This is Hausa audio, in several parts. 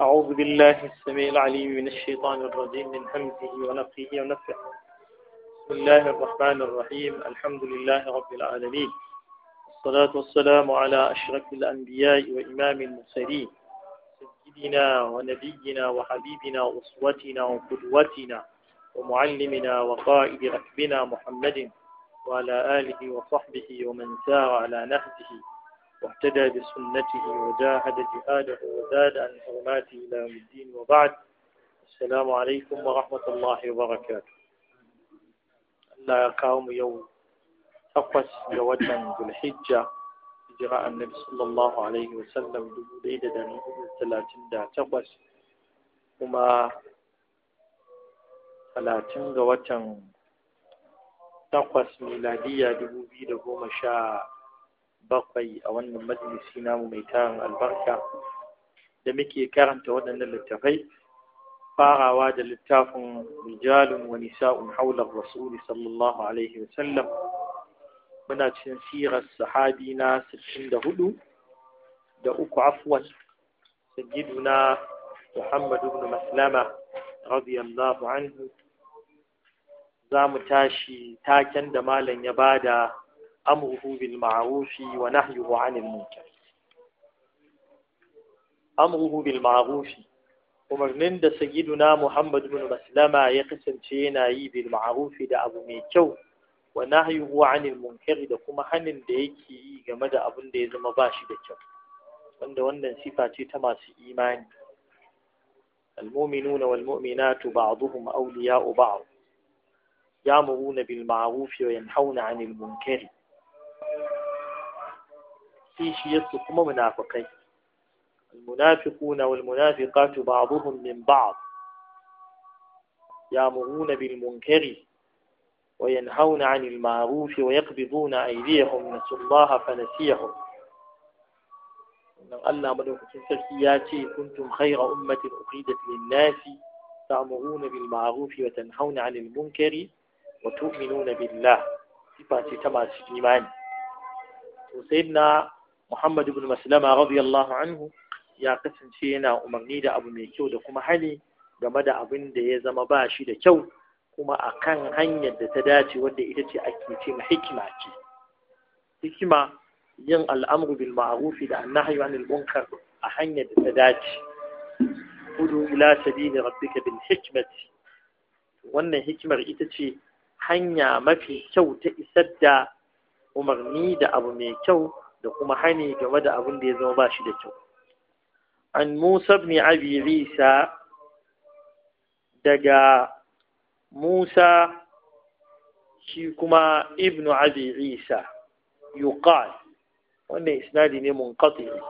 أعوذ بالله السميع العليم من الشيطان الرجيم من همزه ونفخه ونفخه بسم الله الرحمن الرحيم الحمد لله رب العالمين الصلاة والسلام على أشرف الأنبياء وإمام المرسلين سيدنا ونبينا وحبيبنا وأسوتنا وقدوتنا ومعلمنا وقائد ركبنا محمد وعلى آله وصحبه ومن سار على نهجه واهتدى بسنته وجاهد جهاده وزاد عن والمحرمات إلى يوم الدين وبعد السلام عليكم ورحمة الله وبركاته لا يقوم يوم تقوس جوجا ذو الحجة جراء النبي صلى الله عليه وسلم دبو ليلة دميه ثلاثين دا تقوس وما ثلاثين جوجا takwas miladiya dubu biyu da goma sha bakwai a wannan majalisi namu mai tarin albarka da muke karanta waɗannan littafai farawa da littafin rijalun wa nisa'un haular rasuli sallallahu alaihi sallam, muna cikin sirar sahabi na 64 da uku afwan sayyiduna Muhammad ibn Maslama radiyallahu anhu za mu tashi taken da malam ya bada amruhu bil ma'rufi wa nahyuhu 'anil munkar amruhu bil ma'rufi umarnin da sayyiduna Muhammad bin Maslama ya kasance yana yi bil ma'rufi da abu mai kyau wa nahyuhu anil munkari da kuma hanin da yake yi game da abin da ya zama ba shi da kyau wanda wannan sifa ce ta masu imani المؤمنون والمؤمنات بعضهم أولياء بعض يأمرون بالمعروف وينحون عن المنكر في شيء kuma munafukai. المنافقون والمنافقات بعضهم من بعض يامرون بالمنكر وينهون عن المعروف ويقبضون أيديهم نسوا الله فنسيهم أن الله ملوك سرسياتي كنتم خير أمة اقيدت للناس تأمرون بالمعروف وتنهون عن المنكر وتؤمنون بالله صفاتي تما إيمان وسيدنا محمد بن مسلمة رضي الله عنه ya kasance yana umarni da abu mai kyau da kuma hani game da abin da ya zama ba shi da kyau kuma a kan hanyar da ta dace wadda ita ce ake ce ma hikima ce hikima yin al'amru bil ma'arufi da annahyu anil munkar a hanyar da ta dace hudu ila sabili rabbika bil hikmati wannan hikimar ita ce hanya mafi kyau ta isar da umarni da abu mai kyau da kuma hani game da abin da ya zama ba shi da kyau عن موسى بن أبي عيسى دقا موسى شيكما ابن أبي عيسى يقال وأن إسنادي منقطع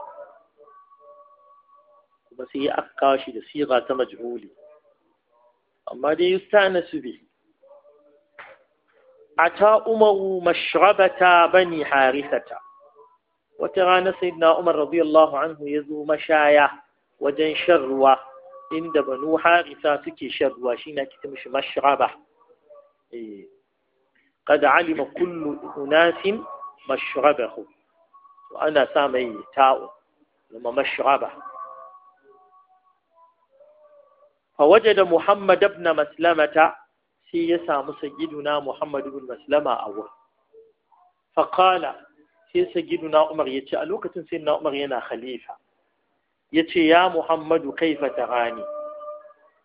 بس هي أقاشي لصيغة مجهولة أما دي يستأنس به أتى أمه مشربة بني حارثة وتغانى سيدنا عمر رضي الله عنه يذو مشايا وجن شروا عند دبنوحا غساسك شروا شينا كتمش مشربة إيه. قد علم كل أناس مشربه وأنا سامي تاو لما مشربة فوجد محمد بن مسلمة سيسا مسجدنا محمد بن مسلمة أول فقال sai na umar ya ce a lokacin sai na umar yana khalifa ya ce ya muhammadu kaifa tarani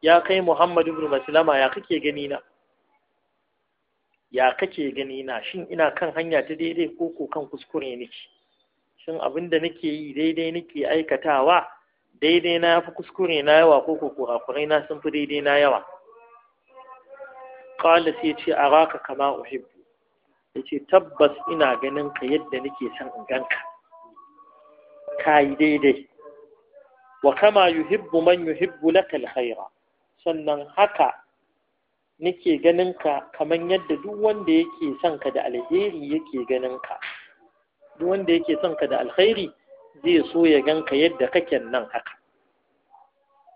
ya kai muhammadu ibn maslama ya kake gani na ya kake gani na shin ina kan hanya ta daidai ko ko kan kuskure nake shin abin da nake yi daidai nake aikatawa daidai na fi kuskure na yawa ko ko kurakurai na sun fi daidai na yawa qala sai ce araka kama uhibbu ya tabbas ina ganin ka yadda nake son in ganka ka yi daidai wa kama yuhibbu man yuhibbu laka alkhaira sannan haka nake ganin ka kaman yadda duk wanda yake son ka da alheri yake ganin ka duk wanda yake son ka da alkhairi zai so ya ganka yadda kake nan haka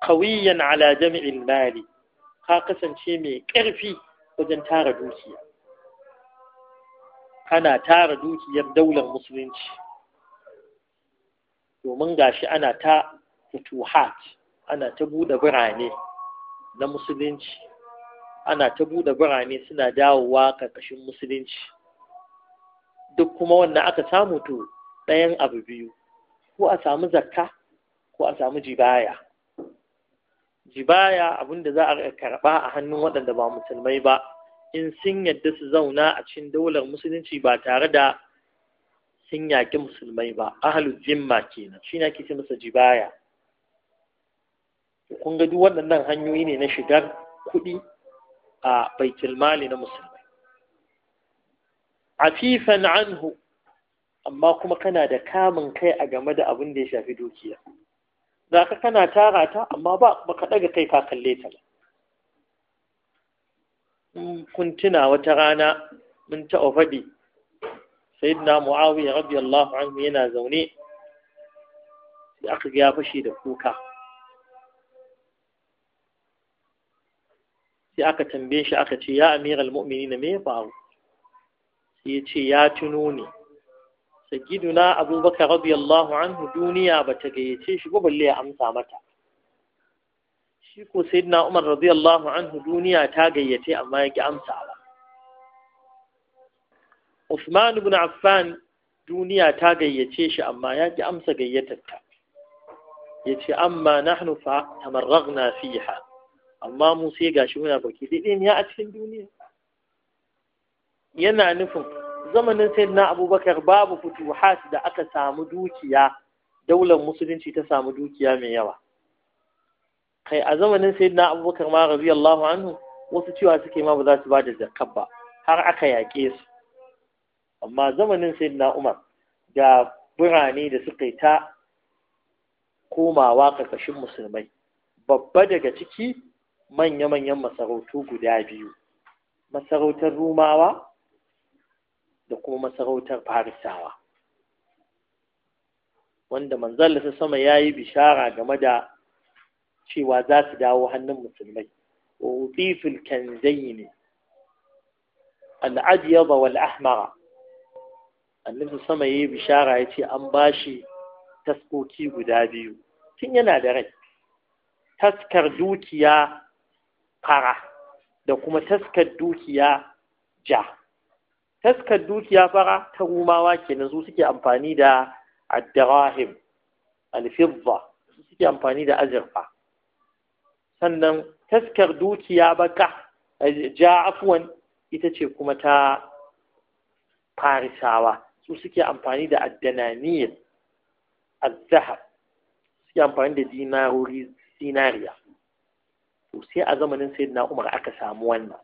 qawiyan ala jami'il mali ka kasance mai ƙarfi wajen tara dukiya ana tara dukiyar daular musulunci domin gashi ana ta futuhat ana ta buɗe birane na musulunci ana ta buɗe birane suna dawowa ƙarƙashin musulunci duk kuma wanda aka samu to ɗayan abu biyu ko a samu zakka ko a samu jibaya jibaya abinda za a karɓa a hannun waɗanda ba musulmai ba in sun yadda su zauna a cikin daular musulunci ba tare da sun yaƙi musulmai ba ahalu jimma kenan shi na ke ce masa jibaya kun ga waɗannan hanyoyi ne na shigar kuɗi a baitul mali na musulmai afifan anhu amma kuma kana da kamun kai a game da abin da ya shafi dukiya za ka kana tara ta amma ba ka ɗaga kai ka kalle ta ba kun wata rana mun taɓa faɗi sayyidina muawiya radiyallahu anhu yana zaune da aka ga da kuka sai aka tambaye shi aka ce ya amiral mu'minina me ya faru sai ya ce ya tuno ne sagiduna abubakar radiyallahu anhu duniya ba ta gayyace shi ba balle ya amsa mata shi ko sayyidina Umar radiyallahu anhu duniya ta gayyace amma ya ki amsa ba Usman ibn Affan duniya ta gayyace shi amma ya ki amsa gayyatar ta yace amma nahnu fa tamarragna fiha amma mu sai gashi muna baki dai ne a cikin duniya yana nufin zamanin sayyidina Abubakar babu futuhat da aka samu dukiya daular musulunci ta samu dukiya mai yawa kai a zamanin sayyidina abubakar ma radiyallahu anhu wasu cewa suke ma ba za su ba da zakat ba har aka yaƙe su amma zamanin sayyidina umar da birane da suka yi ta komawa ƙarƙashin musulmai babba daga ciki manya-manyan masarautu guda biyu masarautar rumawa da kuma masarautar farisawa wanda manzalisa sama ya yi bishara game da cewa za su dawo hannun musulmai wa wutifil kanzaini al'adiyaba wal ahmara annabi sama yi bishara ya ce an bashi taskoki guda biyu tun yana da rai taskar dukiya fara da kuma taskar dukiya ja taskar dukiya fara ta rumawa kenan su suke amfani da addarahim alfizza su suke amfani da azurfa sannan taskar dukiya baka eh, ja afuwan ita ce kuma ta farisawa su suke amfani da addananiyar azahab suke amfani da dinarori zinariya to sai a zamanin na umar aka samu wannan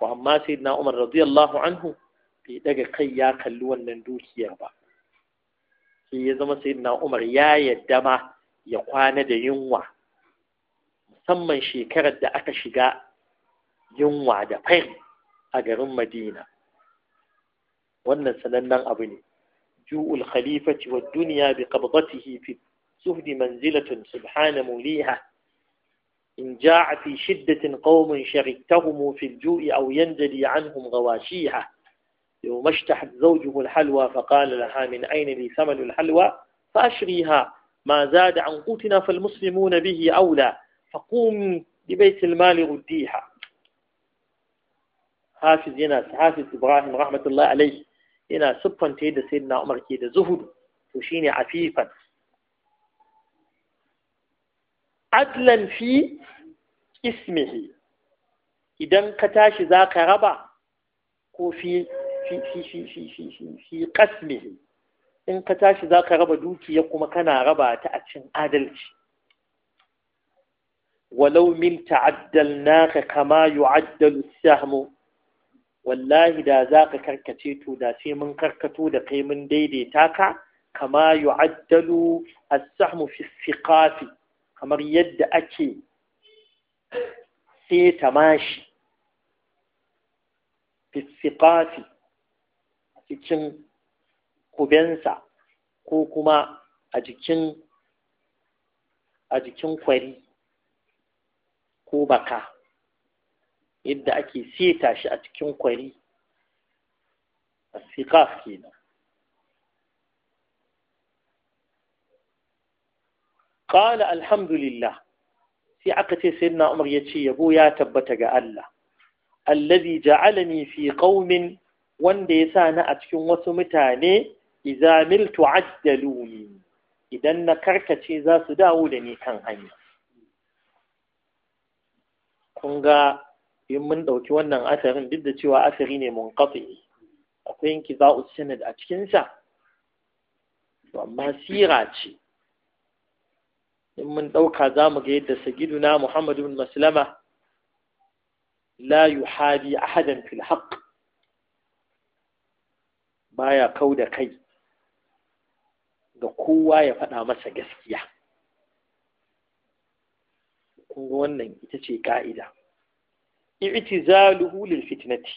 ko amma na umar radiyallahu anhu bai daga kai ya kalli wannan dukiyar ba sai ya zama na umar ya yadda ma ya kwana da yunwa musamman shekarar da aka shiga yunwa da fari a garin madina wannan sanannen abu ne ju'ul khalifati wa duniya bi qabdatihi fi zuhdi manzilatun subhana muliha إن جاع في شدة قوم شركتهم في الجوء أو ينجلي عنهم غواشيها يوم اشتحت زوجه الحلوى فقال لها من أين لي ثمن الحلوى فأشريها ما زاد عن قوتنا فالمسلمون به أولى فقومي ببيت المال رديها hafiz yana hafiz ibrahim rahmatullahi alaihi yana siffanta yadda saina umar ke da zuhudu to shine afifan adlan fi ismihi idan ka tashi za ka raba ko fi fi fi fi fi fi fi in ka tashi za ka raba dukiya kuma kana raba ta a cikin adalci walau min ta'addalnaka kama yu'addalu sahmu wallahi da zaka karkace to da sai mun karkato da kai mun daidaita ka kama yu'addalu as-sahmu fi siqafi kamar yadda ake sai mashi fi siqafi cikin kubensa ko kuma a jikin kwari ko baka yadda ake seta shi a cikin kwari a sikaf kenan قال الحمد sai aka ce sayyidina Umar ya ce yabo ya tabbata ga Allah allazi ja'alani fi qaumin wanda ya sa ni a cikin wasu mutane idza miltu addaluni idan na karkace za su dawo da ni kan hanya kun ga in mun ɗauki wannan asarin duk da cewa asari ne mun kafi akwai yanki za a sanad a cikinsa amma sira ce in mun ɗauka za mu ga yadda sagiduna muhammadu bin maslama la yuhadi ahadan fil Ba baya kau da kai ga kowa ya faɗa masa gaskiya kun wannan ita ce ka'ida za luhulil fitinati.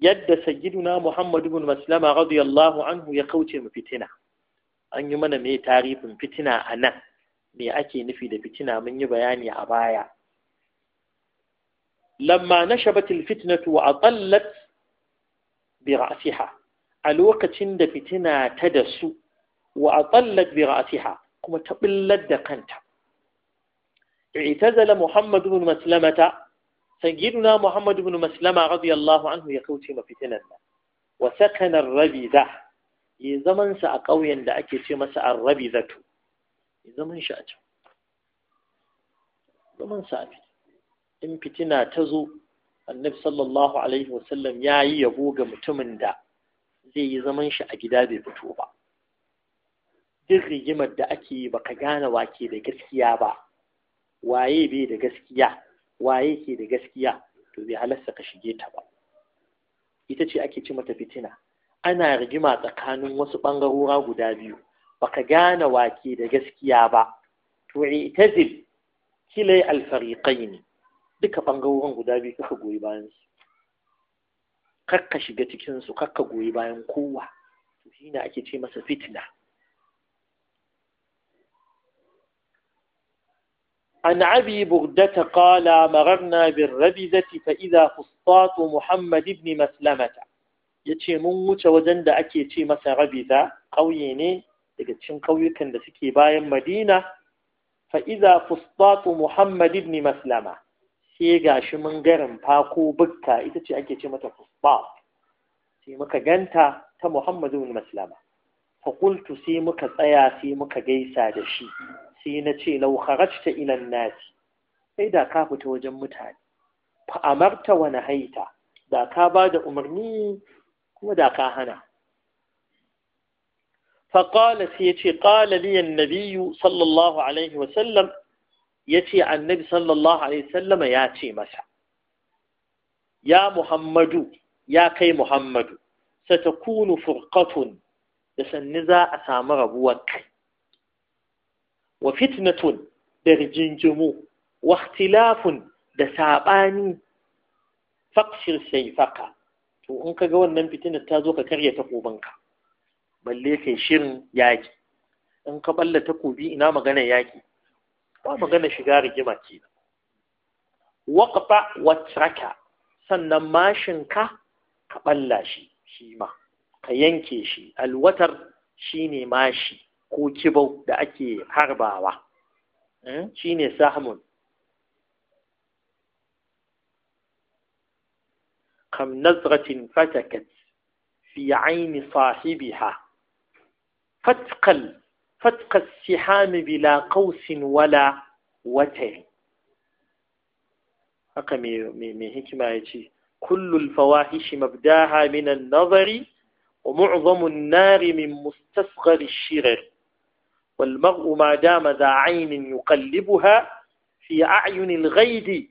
yadda sayyiduna Muhammad ibn Maslama radiyallahu anhu ya kauce mu fitina an yi mana mai tarifin fitina a nan me ake nufi da fitina mun yi bayani a baya lamma nashabat fitinatu wa atallat bi ra'siha a lokacin da fitina ta da su, wa atallat bi ra'siha kuma ta billar da kanta i'tazala Muhammad ibn Maslamata sayyiduna Muhammad ibn Maslama radiyallahu anhu ya kauce ma fitinan nan wa sakana Rabiza ya zaman sa a ƙauyen da ake ce masa Ar-Rabizatu ya zaman shi a can zaman sa a in fitina ta zo annabi sallallahu alaihi wasallam ya yi yabo ga mutumin da zai yi zaman shi a gida bai fito duk rigimar da ake yi baka gane wake da gaskiya ba waye bai da gaskiya waye ke da gaskiya to bai halasta ka shige ta ba ita ce ake ci mata fitina ana rigima tsakanin wasu ɓangarora guda biyu baka gane wake da gaskiya ba to itazil kilai alfariƙai ne duka ɓangarorin guda biyu kaka goyi bayan su kakka shiga cikinsu kakka goyi bayan kowa to shine ake ce masa fitina عن أبي بغدة قال مررنا بالربزة فإذا فسطاط محمد بن مسلمة yace mun wuce wajen da ake ce masa rabiza ƙauye ne daga cikin ƙauyukan da suke bayan madina fa iza fustatu muhammad ibn maslama sai gashi mun garin fako bukka ita ce ake ce mata fustat sai muka ganta ta muhammad ibn maslama fa qultu sai muka tsaya sai muka gaisa da shi sai na ce lau kharajta ila sai da ka fita wajen mutane fa amarta wa nahaita da ka ba da umarni kuma da ka hana fa qala sai yace qala annabi sallallahu alaihi wa sallam yace annabi sallallahu alaihi wa sallam ya ce masa ya muhammadu ya kai muhammadu satakunu furqatun da sanni za a samu rabuwar kai wa fitnatun da rigingimu wa da saɓani faƙshir shaifaka to in ka ga wannan fitinar ta zo ka karya takobinka balle kai shirin yaƙi in ka balla takobi ina magana yaƙi ba magana shiga rigima ke waqfa watraka sannan mashinka ka balla shi shi ma ka yanke shi alwatar shi ne mashi ko kibau da ake harbawa hmm? shine sahmun kam nazratin fatakat fi aini sahibiha fatqal fatqa sihami bila kausin wala watari haka mai hikima ya ce kullul fawahishi mabdaha minan nazari wa mu'zamun nari min mustasghar shirar والمرء ما دام ذا عين يقلبها في أعين الغيد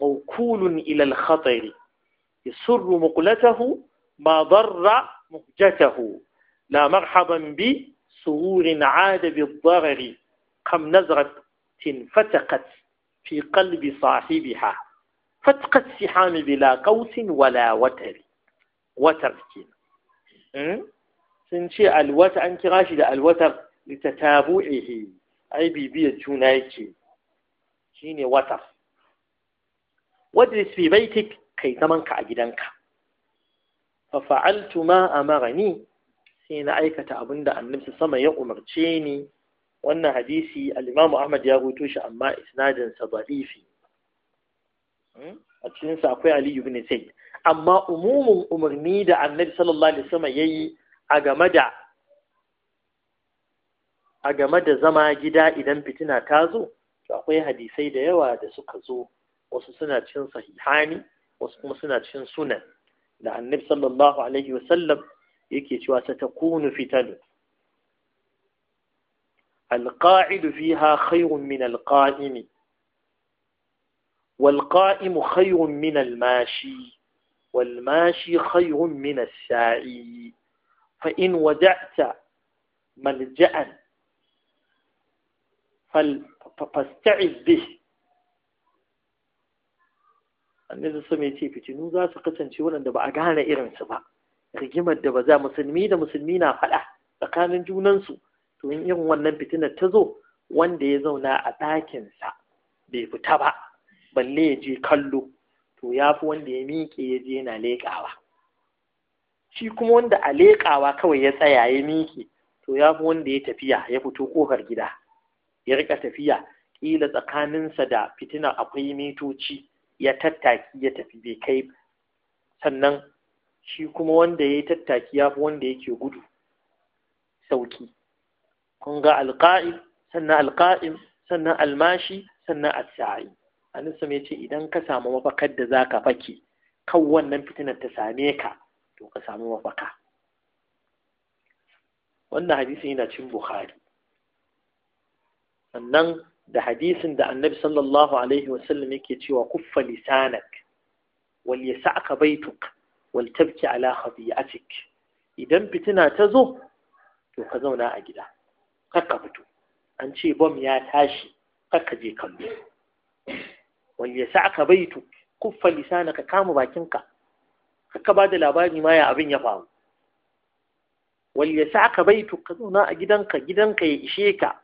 موكول إلى الخطر يسر مقلته ما ضر مهجته لا مرحبا بسرور عاد بالضرر قم نزرة فتقت في قلب صاحبها فتقت سحام بلا قوس ولا وتر وتر كين إيه؟ سنشي الوتر أنت راشد الوتر litatabu'ihi ai bibiyar juna yake shine wata Wadda fi baitik kai zaman ka a gidanka fa fa'altu ma amarani sai na aikata abinda annabi sama ya umarce ni wannan hadisi al-Imam Ahmad ya rubuto shi amma isnadin sa a cikin sa akwai Ali ibn Sayyid amma umumin umarni da annabi sallallahu alaihi wasallam yayi a game da a game da zama gida idan fitina ta zo to akwai hadisai da yawa da suka zo wasu suna cin sahihani wasu kuma suna cin sunan da annabi sallallahu alaihi wasallam yake cewa ta takunu fitanu القاعد fiha خير من القائم والقائم خير من الماشي والماشي خير من الساعي فإن ودعت ملجأ fasta'iz bi annabi sama ya ce fitinu za su kasance waɗanda ba a gane irinsu ba rigimar da ba za musulmi da musulmi na faɗa tsakanin junansu to in irin wannan fitinar ta zo wanda ya zauna a ɗakinsa bai fita ba balle ya je kallo to ya fi wanda ya miƙe ya je yana leƙawa shi kuma wanda a leƙawa kawai ya tsaya ya miƙe to ya fi wanda ya tafiya ya fito kofar gida ya rika tafiya ƙila tsakaninsa da fitinar akwai mitoci ya tattaki ya tafi bai kai sannan shi kuma wanda ya yi tattaki ya fi wanda yake gudu sauki kun ga alƙa'im sannan alƙa'im sannan almashi sannan asa'i anisa ya ce idan ka samu mafakar da za ka fake kan wannan fitinar ta same ka to ka samu mafaka wannan hadisi yana cin Buhari. sannan da hadisin da annabi sallallahu alaihi wasallam yake cewa kuffa lisanak wal yasa'ka baituk wal tabki ala khadi'atik idan fitina ta zo to ka zauna a gida kar ka fito an ce bom ya tashi kar ka je kallo wal yasa'ka baituk kuffa lisanaka kama bakinka kar ka bada labari ma ya abin ya faru wal yasa'ka baituk ka zauna a gidanka gidanka ya ishe ka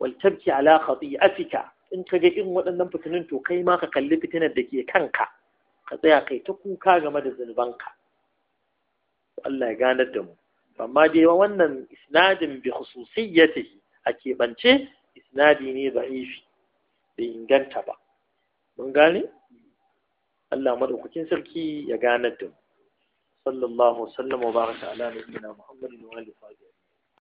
wal tabki ala khati'atika in ka ga irin waɗannan fitinin to kai ma ka kalli fitinar da ke kanka ka tsaya kai ta kuka game da zunubanka Allah ya ganar da mu amma dai wannan isnadin bi khususiyyatihi a keɓance isnadi ne za'ifi. bai inganta ba mun gane Allah madaukakin sarki ya ganar da mu sallallahu alaihi wa sallam wa baraka ala nabiyyina muhammadin wa alihi